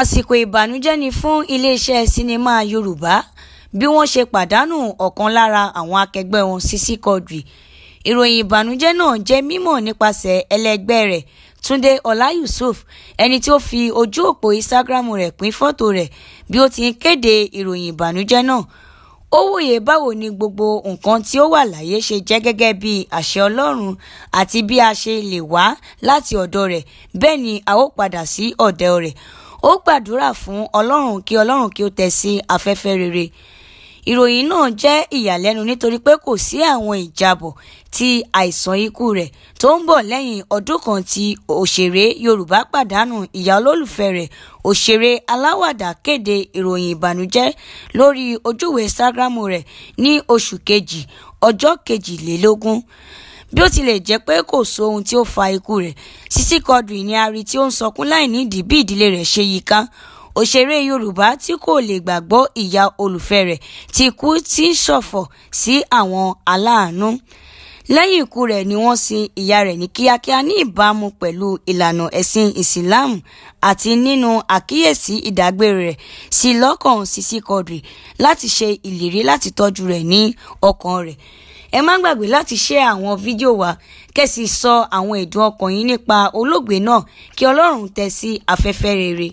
àsìkò ìbànújẹ́ ni fún iléeṣẹ́ sinimá yorùbá bí wọ́n ṣe pàdánù ọ̀kan lára àwọn akẹgbẹ́ wọn Sisi Quadri ìròyìn ìbànújẹ́ náà jẹ́ mímọ̀ nípasẹ̀ ẹlẹgbẹ́ rẹ̀ Túndé Ọlá Yusuf ẹni tí ó fi ojú òpó Instagram rẹ̀ pín fọ́tò rẹ̀ bí ó ti ń kéde ìròyìn ìbànújẹ́ náà ó wòye báwo ni gbogbo nǹkan tí ó wà láyé ṣe jẹ́ gẹ́gẹ́ bí àṣẹ Ọlọ́run àti bí a ṣe lè wá láti ọ̀dọ̀ rẹ̀ bẹ́ẹ̀ ni a ó padà sí ọ̀dọ̀ rẹ̀ ó gbàdúrà fún ọlọ́run kí ọlọ́run kí ó tẹ̀ sí afẹ́fẹ́ rere ìròyìn náà jẹ́ ìyàlẹ́nu nítorí pé kò sí àwọn ìjábọ̀ ti àìsàn ikú rẹ̀ tó ń bọ̀ lẹ́yìn ọdún kan tí òṣèré Yorùbá pàdánù ìyá olólùfẹ́ rẹ̀ òṣèré aláwàdà kéde ìròyìn ìbànújẹ́ lórí ojúwe Instagram rẹ̀ ní oṣù kejì ọjọ́ kejìlélógún bí ó tilẹ̀ jẹ́ pé kò so ohun tí ó fa ikú rẹ̀ Sisi Quadri ni a rí tí ó ń sọkún láìnídìí bí ìdílé rẹ̀ ṣe yí ká òṣèré yorùbá tí kò lè gbàgbọ́ ìyà olùfẹ́ rẹ̀ ti kú tí ṣọ̀fọ̀ sí àwọn aláàánú lẹ́yìn ikú rẹ̀ ni wọ́n sin ìyá rẹ̀ ní kíákíá ní ìbámu pẹ̀lú ìlànà ẹ̀sìn ìsìláàmù àti nínú àkíyèsí ìdágbére rẹ̀ sí lọ́kàn Sisi Quadri láti ṣe ìlérí láti tọ́jú rẹ̀ ní ọkàn rẹ̀ ẹ má gbàgbé láti share àwọn fídíò wa kẹ́sì sọ àwọn ẹ̀dùn ọkàn yín nípa olóògbé náà kí ọlọ́run tẹ́ sí afẹ́fẹ́ rere.